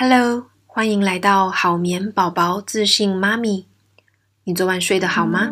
Hello，歡迎來到好眠寶寶自信媽咪。你昨晚睡得好嗎？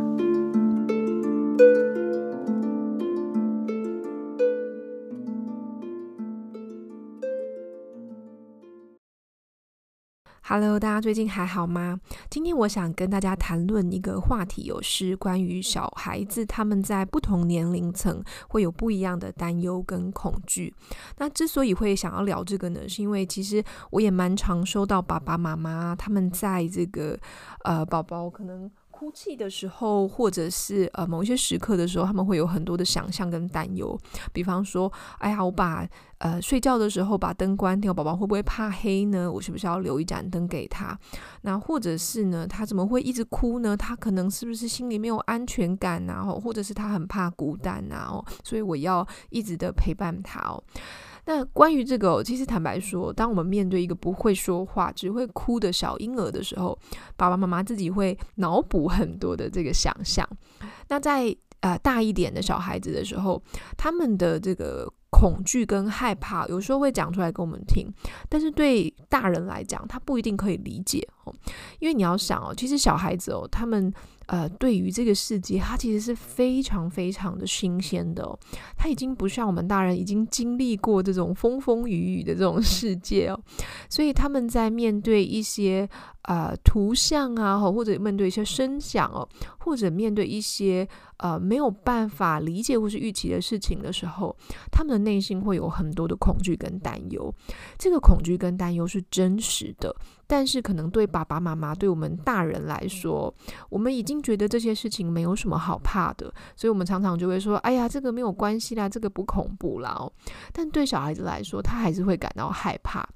Hello，大家最近還好嗎？今天我想跟大家談論一個話題，哦，有是關於小孩子，他們在不同年齡層會有不一樣的擔憂跟恐懼。那之所以會想要聊這個呢，是因為其實我也蠻常收到爸爸媽媽他們在這個呃寶寶可能。哭泣的時候，或者是呃某一些時刻的時候，他們會有很多的想象跟擔憂。比方說，哎呀，我把呃睡覺的時候把燈關掉，寶寶會不會怕黑呢？我是不是要留一盞燈給他？那或者是呢，他怎麼會一直哭呢？他可能是不是心裡沒有安全感啊？或者是他很怕孤單啊？哦，所以我要一直的陪伴他哦。那關於這個哦，其實坦白說，當我們面對一個不會說話、只會哭的小嬰兒的時候，爸爸媽媽自己會腦補很多的這個想象。那在呃大一點的小孩子的時候，他們的這個恐懼跟害怕，有時候會講出來給我們聽。但是對大人來講，他不一定可以理解哦，因為你要想哦，其實小孩子哦，他們。呃，對於這個世界，它其實是非常非常的新鮮的哦。它已經不像我們大人已經經歷過這種風風雨雨的這種世界哦。所以他們在面對一些呃圖像啊，或者面對一些聲響哦，或者面對一些呃沒有辦法理解或是預期的事情的時候，他們的內心會有很多的恐懼跟擔憂。這個恐懼跟擔憂是真實的。但是，可能對爸爸媽媽、對我們大人來說，我們已經覺得這些事情沒有什麼好怕的，所以我們常常就會說：“哎呀，這個沒有關係啦，這個不恐怖啦。”哦，但對小孩子來說，他還是會感到害怕。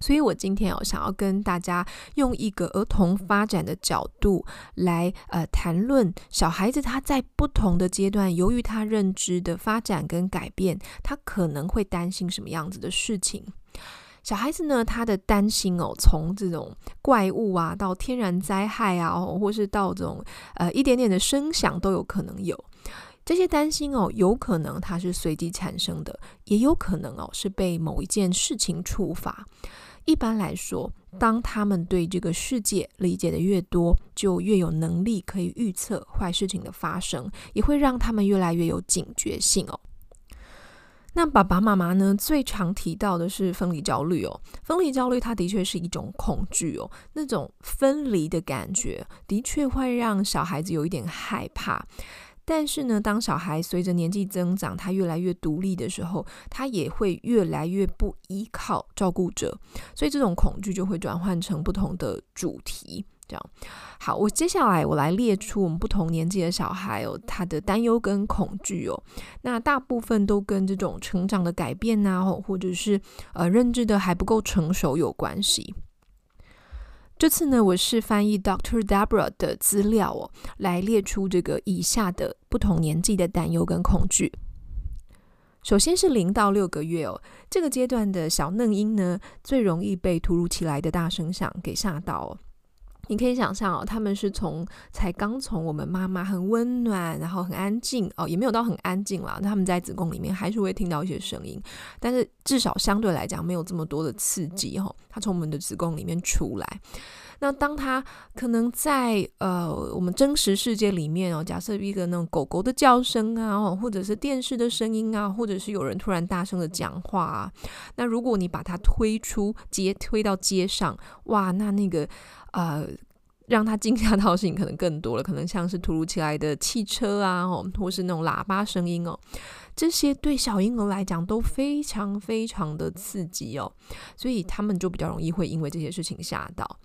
所以我今天哦，想要跟大家用一個兒童發展的角度來呃談論小孩子他在不同的階段，由於他認知的發展跟改變，他可能會擔心什麼樣子的事情。小孩子呢，他的擔心哦，從這種怪物啊，到天然災害啊，哦、或是到這種呃一點點的聲響，都有可能有這些擔心哦。有可能它是隨機產生的，也有可能哦是被某一件事情觸發。一般來說，當他們對這個世界理解得越多，就越有能力可以預測壞事情的發生，也會讓他們越來越有警覺性哦。那爸爸媽媽呢？最常提到的是分離焦慮哦。分離焦慮，它的確是一種恐懼哦，那種分離的感覺，的確會讓小孩子有一點害怕。但是呢，當小孩隨着年紀增長，他越來越獨立的時候，他也會越來越不依靠照顧者，所以這種恐懼就會轉換成不同的主題。這樣好，我接下來我來列出我們不同年紀的小孩哦，他的擔憂跟恐懼哦。那大部分都跟這種成長的改變啊，或者是呃認知的還不夠成熟有關係。這次呢，我是翻譯 Doctor Deborah 的資料哦，來列出這個以下的不同年紀的擔憂跟恐懼。首先是零到六個月哦，這個階段的小嫩嬰呢，最容易被突如其來的大聲響給嚇到哦。你可以想象哦，他們是從才剛從我們媽媽很溫暖，然後很安靜哦，也沒有到很安靜了。他們在子宮裡面還是會聽到一些聲音，但是。至少相對來講沒有這麼多的刺激哈、哦，它從我們的子宮裡面出來。那當它可能在呃我們真實世界裡面哦，假設一個那種狗狗的叫聲啊，或者是電視的聲音啊，或者是有人突然大聲的講話啊，那如果你把它推出接推到街上，哇，那那個呃。讓他驚嚇到的事情可能更多了，可能像是突如其來的汽車啊，或是那種喇叭聲音哦，這些對小嬰兒來講都非常非常的刺激哦，所以他們就比較容易會因為這些事情嚇到。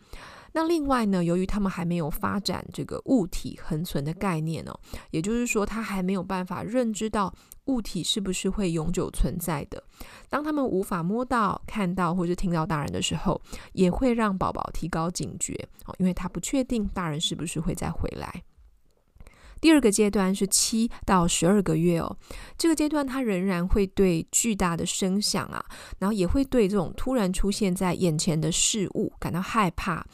那另外呢，由於他們還沒有發展這個物體恆存的概念哦，也就是說，他還沒有辦法認知到物體是不是會永久存在的。當他們無法摸到、看到或是聽到大人的時候，也會讓寶寶提高警覺哦，因為他不確定大人是不是會再回來。第二個階段是七到十二個月哦，這個階段他仍然會對巨大的聲響啊，然後也會對這種突然出現在眼前的事物感到害怕。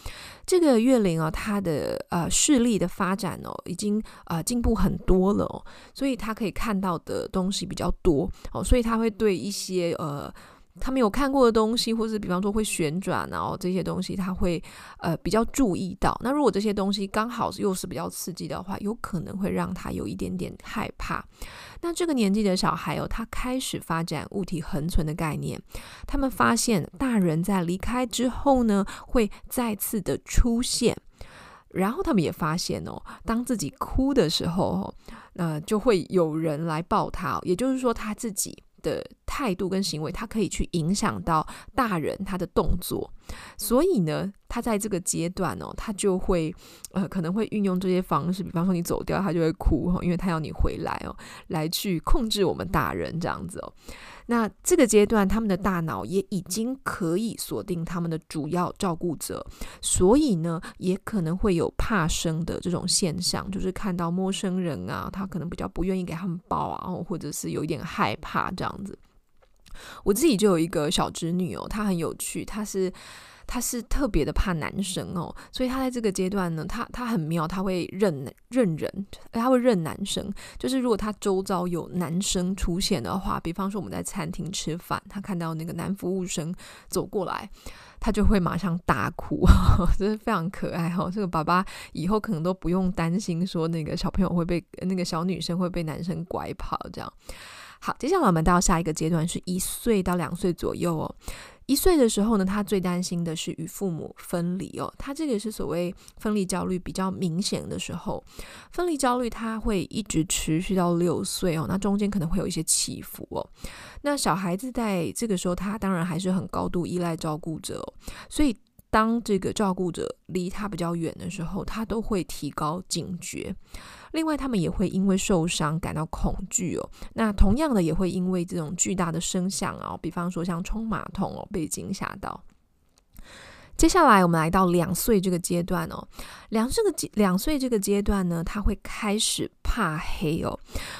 這個月齡哦，他的呃視力的發展哦，已經呃進步很多了哦，所以他可以看到的東西比較多哦，所以他會對一些呃。他沒有看過的東西，或是比方說會旋轉，然後這些東西他會呃比較注意到。那如果這些東西剛好又是比較刺激的話，有可能會讓他有一點點害怕。那這個年紀的小孩哦，他開始發展物體恆存的概念。他們發現大人在離開之後呢，會再次的出現。然後他們也發現哦，當自己哭的時候，哦，那、呃、就會有人來抱他，哦。也就是說，他自己。的態度跟行為，他可以去影響到大人他的動作，所以呢，他在這個階段哦，他就會呃，可能會運用這些方式，比方說你走掉，他就會哭，因為他要你回來哦，來去控制我們大人，這樣子哦。那這個階段，他們的大腦也已經可以鎖定他們的主要照顧者，所以呢，也可能會有怕生的這種現象，就是看到陌生人啊，他可能比較不願意給他們抱啊，或者是有一點害怕這樣子。我自己就有一個小侄女哦，她很有趣，她是。他是特別的怕男生哦，所以他在這個階段呢，他他很妙，他會認認人，他會認男生。就是如果他周遭有男生出現的話，比方說我們在餐廳吃飯，他看到那個男服務生走過來，他就會馬上大哭，真的非常可愛哦。這個爸爸以後可能都不用擔心說那個小朋友會被那個小女生會被男生拐跑這樣。好，接下來我們到下一個階段，是一歲到兩歲左右哦。一歲的時候呢，他最擔心的是與父母分離哦，他這個是所謂分離焦慮比較明顯的時候。分離焦慮他會一直持續到六歲哦，那中間可能會有一些起伏哦。那小孩子在這個時候，他當然還是很高度依賴照顧者哦，所以。當這個照顧者離他比較遠的時候，他都會提高警覺。另外，他們也會因為受傷感到恐懼哦。那同樣的，也會因為這種巨大的聲響啊，比方說像沖馬桶哦，被驚嚇到。接下來我們來到兩歲這個階段哦，兩歲、這個階兩歲這個階段呢，他會開始怕黑哦。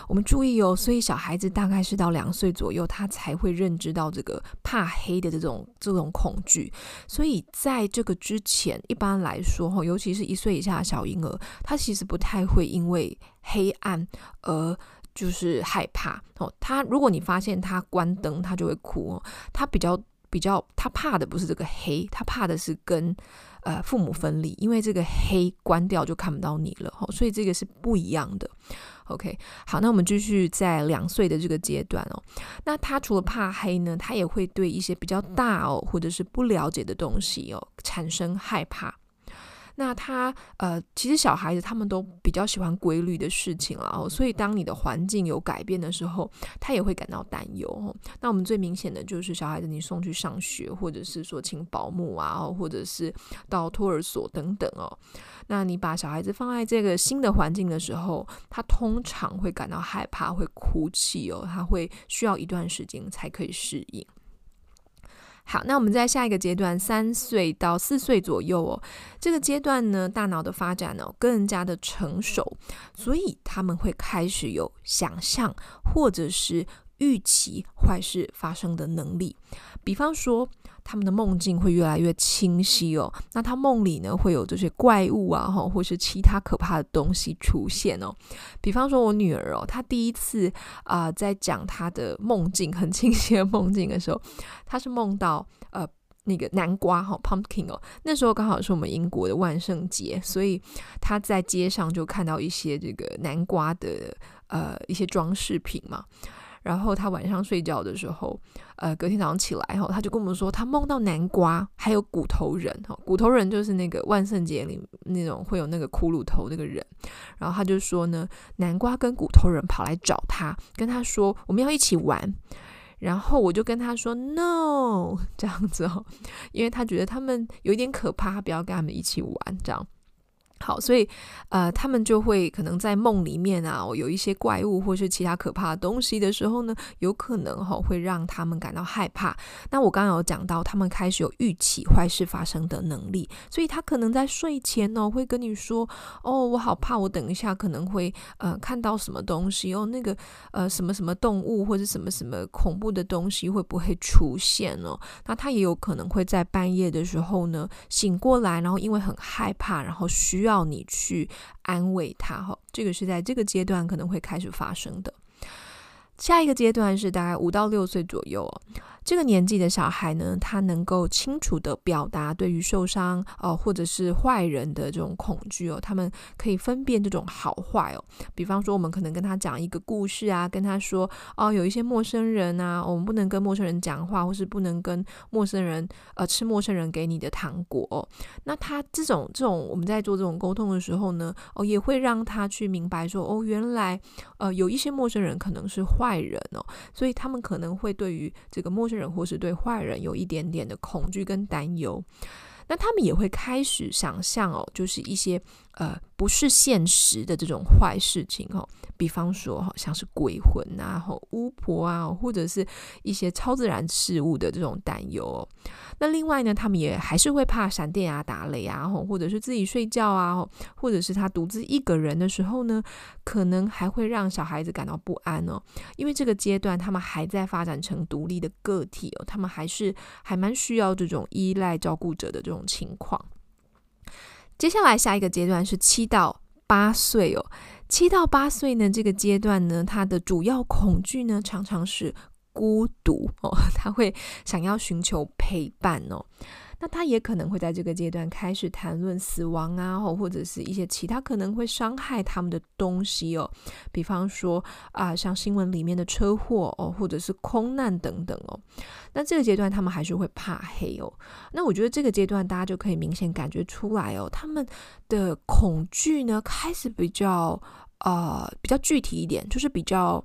我們注意哦，所以小孩子大概是到兩歲左右，他才會認知到這個怕黑的這種這種恐懼。所以在這個之前，一般來說哈、哦，尤其是一歲以下的小嬰兒，他其實不太會因為黑暗而就是害怕哦。他如果你發現他關燈，他就會哭哦，他比較。比較，他怕的不是這個黑，他怕的是跟呃父母分離，因為這個黑關掉就看不到你了哦，所以這個是不一樣的。OK，好，那我們繼續在兩歲的這個階段哦，那他除了怕黑呢，他也會對一些比較大哦或者是不了解的東西哦產生害怕。那他呃，其實小孩子他們都比較喜歡規律的事情啦哦，所以當你的環境有改變的時候，他也會感到擔憂哦。那我們最明顯的就是小孩子，你送去上學，或者是說請保姆啊，或者是到托兒所等等哦。那你把小孩子放在這個新的環境的時候，他通常會感到害怕，會哭泣哦，他會需要一段時間才可以適應。好，那我們在下一個階段，三歲到四歲左右哦，這個階段呢，大腦的發展呢更加的成熟，所以他們會開始有想象或者是預期壞事發生的能力，比方說。他們的夢境會越來越清晰哦。那他夢裡呢，會有這些怪物啊，或是其他可怕的東西出現哦。比方說，我女兒哦，她第一次啊，在講她的夢境很清晰的夢境的時候，她是夢到呃那個南瓜哈，pumpkin 哦。那時候剛好是我們英國的萬聖節，所以她在街上就看到一些這個南瓜的呃一些裝飾品嘛。然後他晚上睡覺的時候，呃，隔天早上起來後，哦，他就跟我們說，他夢到南瓜還有骨頭人，哦。骨頭人就是那個萬聖節裡那種會有那個骷髏頭那個人。然後他就說呢，南瓜跟骨頭人跑來找他，跟他說我們要一起玩。然後我就跟他說 no，這樣子哦，因為他覺得他們有點可怕，不要跟他們一起玩這樣。好，所以，呃，他們就會可能在夢裡面啊，有一些怪物或是其他可怕的東西的時候呢，有可能哈、哦、會讓他們感到害怕。那我剛剛有講到，他們開始有預期壞事發生的能力，所以他可能在睡前呢、哦、會跟你說：“哦，我好怕，我等一下可能會呃看到什麼東西哦，那個呃什麼什麼動物或者什麼什麼恐怖的東西會不會出現哦？”那他也有可能會在半夜的時候呢醒過來，然後因為很害怕，然後需要。到你去安慰他，哦，哈，這個是在這個階段可能會開始發生的。下一個階段是大概五到六歲左右，哦。這個年紀的小孩呢，他能夠清楚地表達對於受傷哦，呃，或者是壞人的這種恐懼哦。他們可以分辨這種好壞哦。比方說，我們可能跟他講一個故事啊，跟他說哦，有一些陌生人啊，我們不能跟陌生人講話，或是不能跟陌生人呃吃陌生人給你的糖果哦。那他這種這種我們在做這種溝通的時候呢，哦，也會讓他去明白說哦，原來呃有一些陌生人可能是壞人哦，所以他們可能會對於這個陌生人，或是對壞人有一點點的恐懼跟擔憂。那他們也會開始想象哦，就是一些呃不是現實的這種壞事情哦，比方說好像是鬼魂啊、吼巫婆啊，或者是一些超自然事物的這種擔憂哦。那另外呢，他們也還是會怕閃電啊、打雷啊，或者是自己睡覺啊，或者是他獨自一個人的時候呢，可能還會讓小孩子感到不安哦。因為這個階段他們還在發展成獨立的個體哦，他們還是還蠻需要這種依賴照顧者的這種。這種情況，接下來下一個階段是七到八歲哦。七到八歲呢，這個階段呢，他的主要恐懼呢，常常是孤獨哦。他會想要尋求陪伴哦。那他也可能會在這個階段開始談論死亡啊，或或者是一些其他可能會傷害他們的東西哦，比方說啊，呃，像新聞裡面的車禍哦，或者是空難等等哦。那這個階段他們還是會怕黑哦。那我覺得這個階段大家就可以明顯感覺出來哦，他們的恐懼呢開始比較啊，呃，比較具體一點，就是比較。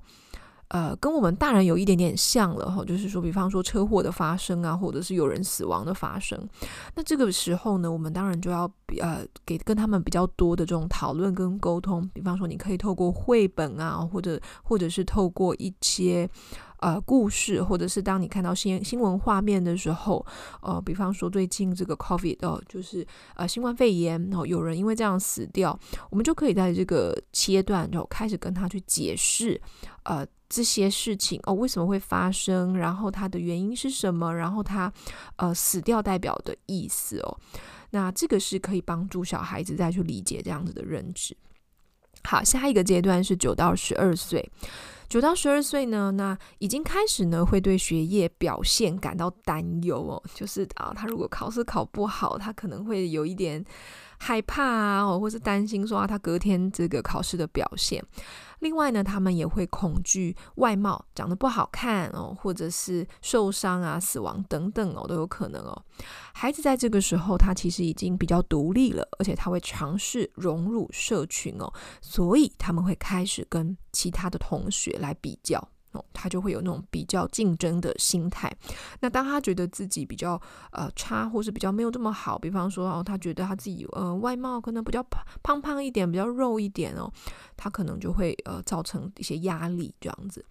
呃，跟我們大人有一點點像了哈、哦，就是說，比方說車禍的發生啊，或者是有人死亡的發生，那這個時候呢，我們當然就要比呃給跟他們比較多的這種討論跟溝通，比方說，你可以透過繪本啊，或者或者是透過一些呃故事，或者是當你看到新新聞畫面的時候，呃，比方說最近這個 COVID，呃，就是呃新冠肺炎，哦，有人因為這樣死掉，我們就可以在這個階段就開始跟他去解釋，呃。這些事情哦，為什麼會發生？然後它的原因是什麼？然後它，呃，死掉代表的意思哦。那這個是可以幫助小孩子再去理解這樣子的認知。好，下一個階段是九到十二歲。九到十二歲呢，那已經開始呢，會對學業表現感到擔憂哦。就是啊，他如果考試考不好，他可能會有一點。害怕啊，哦，或是擔心說啊，他隔天這個考試的表現。另外呢，他們也會恐懼外貌，長得不好看哦，或者是受傷啊、死亡等等哦，都有可能哦。孩子在這個時候，他其實已經比較獨立了，而且他會嘗試融入社群哦，所以他們會開始跟其他的同學來比較。哦，他就會有那種比較競爭的心態。那當他覺得自己比較呃差，或是比較沒有這麼好，比方說哦，他覺得他自己呃外貌可能比較胖胖胖一點，比較肉一點哦，他可能就會呃造成一些壓力這樣子。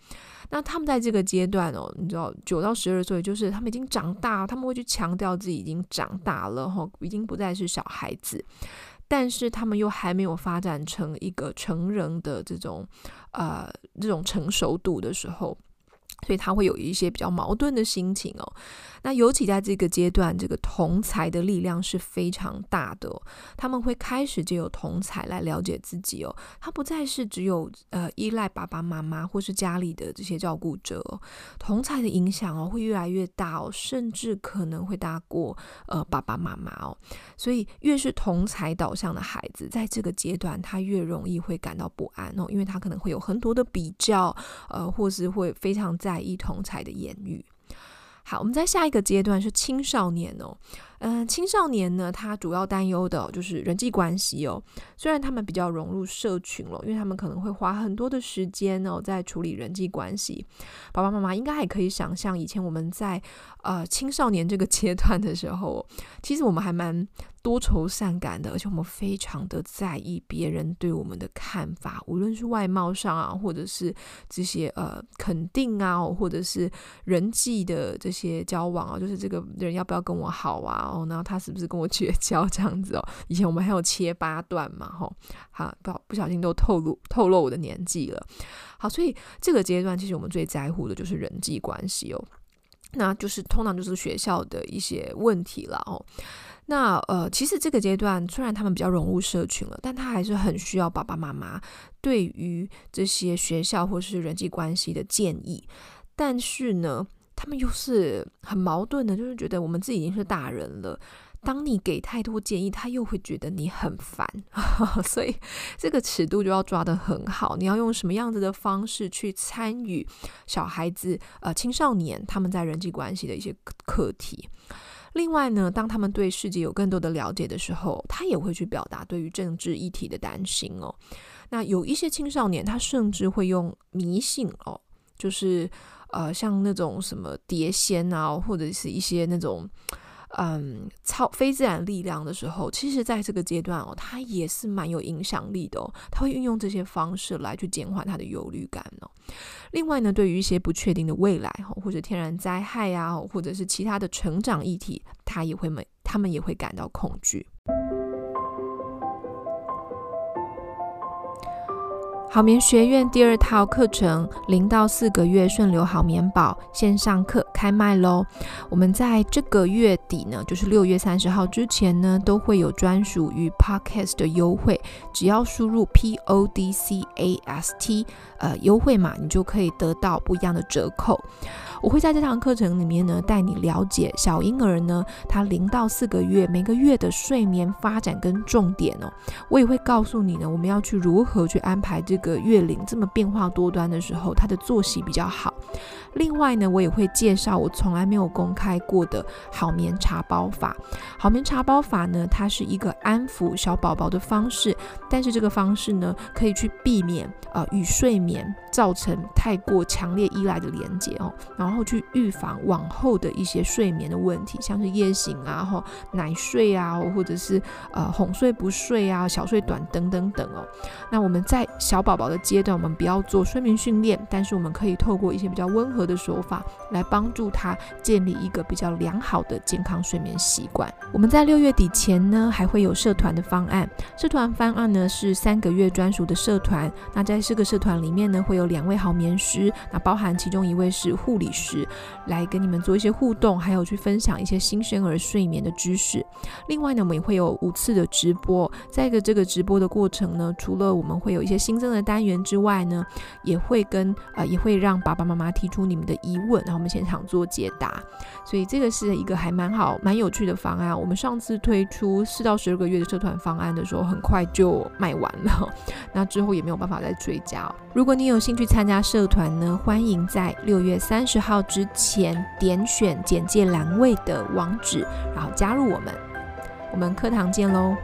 那他們在這個階段哦，你知道九到十二歲，就是他們已經長大，他們會去強調自己已經長大了，哈，哦，已經不再是小孩子，但是他們又還沒有發展成一個成人的這種，呃，這種成熟度的時候。所以他會有一些比較矛盾的心情哦。那尤其在這個階段，這個同儕的力量是非常大的。他們會開始藉由同儕來了解自己哦。他不再是只有呃依賴爸爸媽媽或是家裡的這些照顧者哦。同儕的影響哦會越來越大哦，甚至可能會大過呃爸爸媽媽哦。所以越是同儕導向的孩子，在這個階段他越容易會感到不安哦，因為他可能會有很多的比較，呃，或是會非常在。在意同儕的言語。好，我們在下一個階段是青少年哦。嗯，青少年呢，他主要擔憂的，哦，就是人際關係哦。雖然他們比較融入社群了，哦，因為他們可能會花很多的時間呢，哦，在處理人際關係。爸爸媽媽應該還可以想象，以前我們在呃青少年這個階段的時候，其實我們還蠻多愁善感的，而且我們非常的在意別人對我們的看法，無論是外貌上啊，或者是這些呃肯定啊，或者是人際的這些交往啊，就是這個人要不要跟我好啊。哦，然後他是不是跟我絕交這樣子哦？以前我們還有切八段嘛，吼、哦，好，不不小心都透露透露我的年紀了。好，所以這個階段其實我們最在乎的就是人際關係哦，那就是通常就是學校的一些問題了哦。那呃，其實這個階段雖然他們比較融入社群了，但他還是很需要爸爸媽媽對於這些學校或是人際關係的建議，但是呢。他們又是很矛盾的，就是覺得我們自己已經是大人了，當你給太多建議，他又會覺得你很煩， 所以這個尺度就要抓得很好。你要用什麼樣子的方式去參與小孩子、呃青少年他們在人際關係的一些課題？另外呢，當他們對世界有更多的了解的時候，他也會去表達對於政治議題的擔心哦。那有一些青少年，他甚至會用迷信哦，就是。呃，像那種什麼碟仙啊，或者是一些那種，嗯，超非自然力量的時候，其實，在這個階段哦，他也是蠻有影響力的哦，他會運用這些方式來去減緩他的憂慮感哦。另外呢，對於一些不確定的未來或者天然災害啊，或者是其他的成長議題，他也會他們也會感到恐懼。好眠學院第二套課程，零到四個月順流好眠寶線上課開賣嘍！我們在這個月底呢，就是六月三十號之前呢，都會有專屬於 Podcast 的優惠，只要輸入 Podcast 呃優惠碼，你就可以得到不一樣的折扣。我會在這堂課程裡面呢，帶你了解小嬰兒呢，他零到四個月每個月的睡眠發展跟重點哦。我也會告訴你呢，我們要去如何去安排這個月齡這麼變化多端的時候，他的作息比較好。另外呢，我也會介紹我從來沒有公開過的好眠茶包法。好眠茶包法呢，它是一個安撫小寶寶的方式，但是這個方式呢，可以去避免啊、呃、與睡眠。造成太過強烈依賴的連接哦，然後去預防往後的一些睡眠的問題，像是夜醒啊、或奶睡啊，或者是呃哄睡不睡啊、小睡短等等等哦。那我們在小寶寶的階段，我們不要做睡眠訓練，但是我們可以透過一些比較溫和的手法來幫助他建立一個比較良好的健康睡眠習慣。我們在六月底前呢，還會有社團的方案，社團方案呢是三個月專屬的社團。那在四個社團裡面呢，會有。兩位好眠師，那包含其中一位是護理師，來跟你們做一些互動，還有去分享一些新生兒睡眠的知識。另外呢，我們也會有五次的直播，再一個這個直播的過程呢，除了我們會有一些新增的單元之外呢，也會跟啊、呃，也會讓爸爸媽媽提出你們的疑問，然後我們現場做解答。所以這個是一個還蠻好蠻有趣的方案。我們上次推出四到十二個月的社團方案的時候，很快就賣完了，那之後也沒有辦法再追加。如果你有興去參加社團呢，歡迎在六月三十號之前點選簡介欄位的網址，然後加入我們。我們課堂見嘍！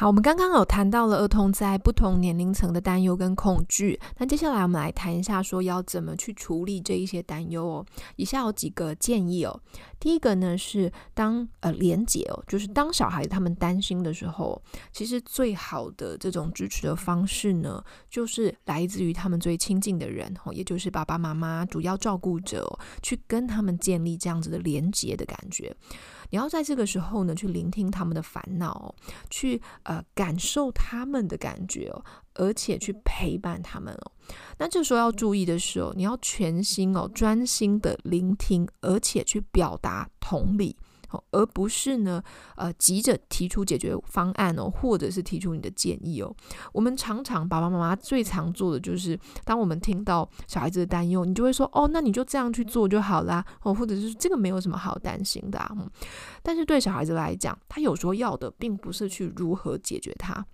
好，我們剛剛有談到了兒童在不同年齡層的擔憂跟恐懼，那接下來我們來談一下，說要怎麼去處理這一些擔憂哦。以下有幾個建議哦。第一個呢是當呃連結哦，就是當小孩子他們擔心的時候，其實最好的這種支持的方式呢，就是來自於他們最親近的人哦，也就是爸爸媽媽、主要照顧者，去跟他們建立這樣子的連結的感覺。你要在這個時候呢，去聆聽他們的煩惱、哦，去呃感受他們的感覺哦，而且去陪伴他們哦。那這時候要注意的是、哦，你要全心哦，專心的聆聽，而且去表達同理。而不是呢，呃，急着提出解決方案哦，或者是提出你的建議哦。我們常常爸爸媽媽最常做的就是，當我們聽到小孩子的擔憂，你就會說，哦，那你就這樣去做就好啦哦，或者是這個沒有什麼好擔心的啊。嗯，但是對小孩子來講，他有時候要的並不是去如何解決它。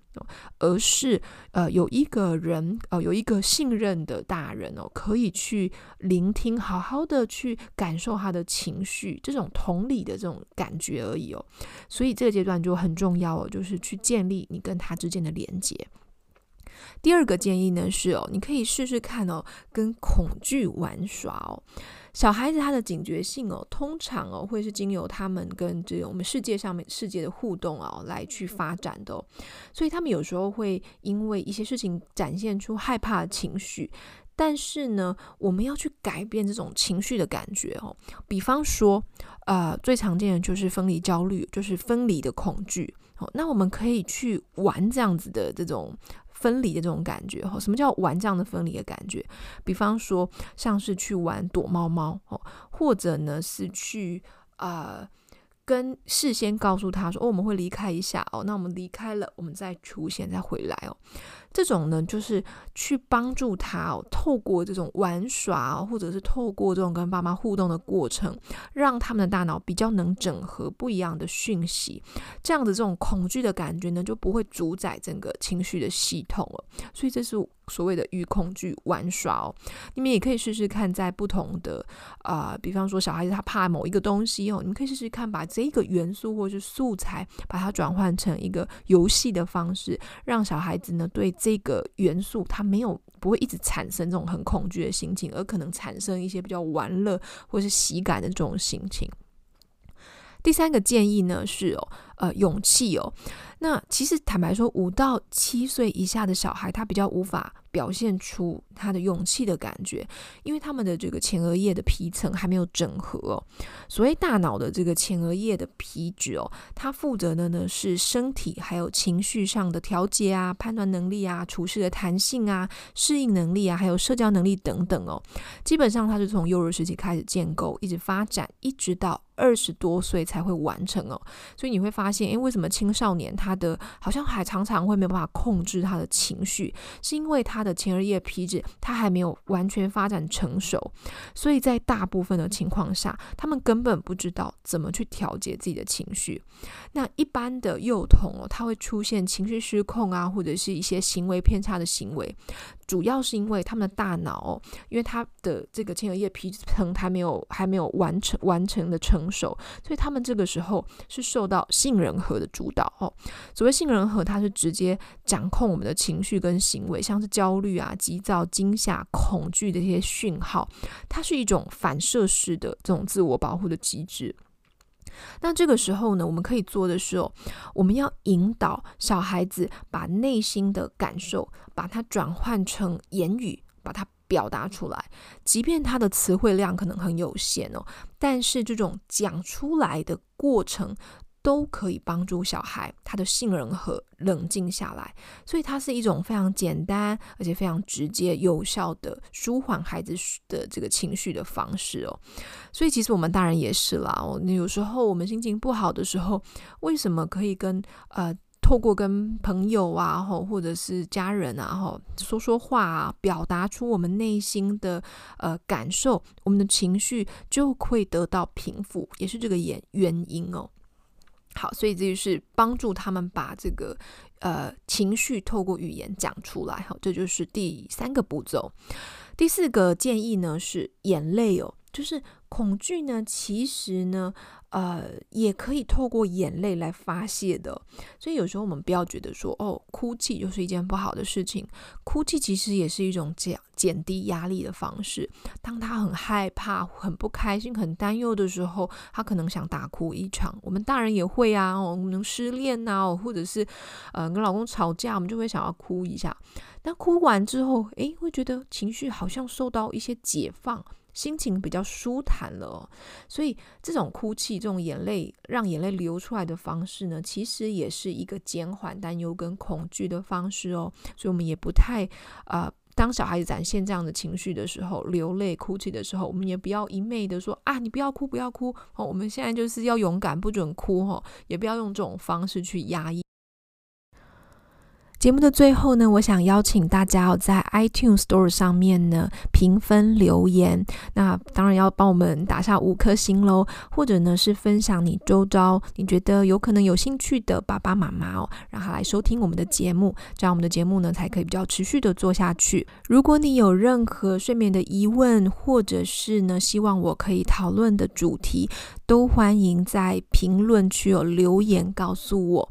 而是呃，有一個人呃，有一個信任的大人哦，可以去聆聽，好好的去感受他的情緒，這種同理的這種感覺而已哦。所以這個階段就很重要哦，就是去建立你跟他之間的連接。第二個建議呢是哦，你可以試試看哦，跟恐懼玩耍哦。小孩子他的警覺性哦，通常哦會是經由他們跟這個我們世界上面世界的互動哦，來去發展的哦。所以他們有時候會因為一些事情展現出害怕的情緒，但是呢，我們要去改變這種情緒的感覺哦，比方說，呃，最常見的就是分離焦慮，就是分離的恐懼。哦，那我們可以去玩這樣子的這種分離的這種感覺，哦，什麼叫玩這樣的分離的感覺？比方說，像是去玩躲貓貓，哦，或者呢是去啊、呃、跟事先告訴他說，哦，我們會離開一下，哦，那我們離開了，我們再出現再回來，哦。這種呢，就是去幫助他、哦、透過這種玩耍、哦，或者是透過這種跟爸媽互動的過程，讓他們的大腦比較能整合不一樣的訊息，這樣子這種恐懼的感覺呢，就不會主宰整個情緒的系統了。所以這是所謂的與恐懼玩耍哦。你們也可以試試看，在不同的啊、呃，比方說小孩子他怕某一個東西哦，你們可以試試看把這一個元素或是素材，把它轉換成一個遊戲的方式，讓小孩子呢對。這個元素，它沒有不會一直產生這種很恐懼的心情，而可能產生一些比較玩樂或是喜感的這種心情。第三個建議呢是哦，呃，勇氣哦。那其實坦白說，五到七歲以下的小孩，他比較無法。表現出他的勇氣的感覺，因為他們的這個前額葉的皮層還沒有整合哦。所以大腦的這個前額葉的皮質哦，它負責的呢是身體還有情緒上的調節啊、判斷能力啊、處事的彈性啊、適應能力啊、還有社交能力等等哦。基本上它是從幼兒時期開始建構，一直發展，一直到。二十多歲才會完成哦，所以你會發現，誒，為什麼青少年他的好像還常常會沒有辦法控制他的情緒，是因為他的前額葉皮質他還沒有完全發展成熟，所以在大部分的情況下，他們根本不知道怎麼去調節自己的情緒。那一般的幼童哦，他會出現情緒失控啊，或者是一些行為偏差的行為。主要是因為他們的大腦哦，因為他的這個前額葉皮層還沒有還沒有完成完成的成熟，所以他們這個時候是受到杏仁核的主導哦。所謂杏仁核，它是直接掌控我們的情緒跟行為，像是焦慮啊、急躁、驚嚇、恐懼的一些訊號，它是一種反射式的這種自我保護的機制。那這個時候呢，我們可以做的是哦，我們要引導小孩子把內心的感受，把它轉換成言語，把它表達出來。即便他的詞彙量可能很有限哦，但是這種講出來的過程。都可以幫助小孩他的杏仁核冷靜下來，所以它是一種非常簡單而且非常直接有效的舒緩孩子的這個情緒的方式哦。所以其實我們大人也是啦哦，有時候我們心情不好的時候，為什麼可以跟呃透過跟朋友啊，或者是家人啊，後說說話啊，表達出我們內心的呃感受，我們的情緒就會得到平復，也是這個原原因哦。好，所以這就是幫助他們把這個呃情緒透過語言講出來。好，這就是第三個步驟。第四個建議呢，是眼淚哦。就是恐懼呢，其實呢，呃，也可以透過眼淚來發洩的。所以有時候我們不要覺得說，哦，哭泣就是一件不好的事情。哭泣其實也是一種減減低壓力的方式。當他很害怕、很不開心、很擔憂的時候，他可能想大哭一場。我們大人也會啊，我們，哦，失戀啊，哦、或者是呃跟老公吵架，我們就會想要哭一下。但哭完之後，哎，會覺得情緒好像受到一些解放。心情比較舒坦了，所以這種哭泣，這種眼淚，讓眼淚流出來的方式呢，其實也是一個減緩擔憂跟恐懼的方式哦。所以，我們也不太、呃、當小孩子展現這樣的情緒的時候，流淚、哭泣的時候，我們也不要一昧的說啊，你不要哭，不要哭，哦，我們現在就是要勇敢，不准哭哦，也不要用這種方式去壓抑。節目的最後呢，我想邀請大家、哦、在 iTunes Store 上面呢評分留言。那當然要幫我們打下五顆星嘍，或者呢是分享你周遭你覺得有可能有興趣的爸爸媽媽哦，然後來收聽我們的節目，這樣我們的節目呢才可以比較持續的做下去。如果你有任何睡眠的疑問，或者是呢希望我可以討論的主題，都歡迎在評論區有、哦、留言告訴我。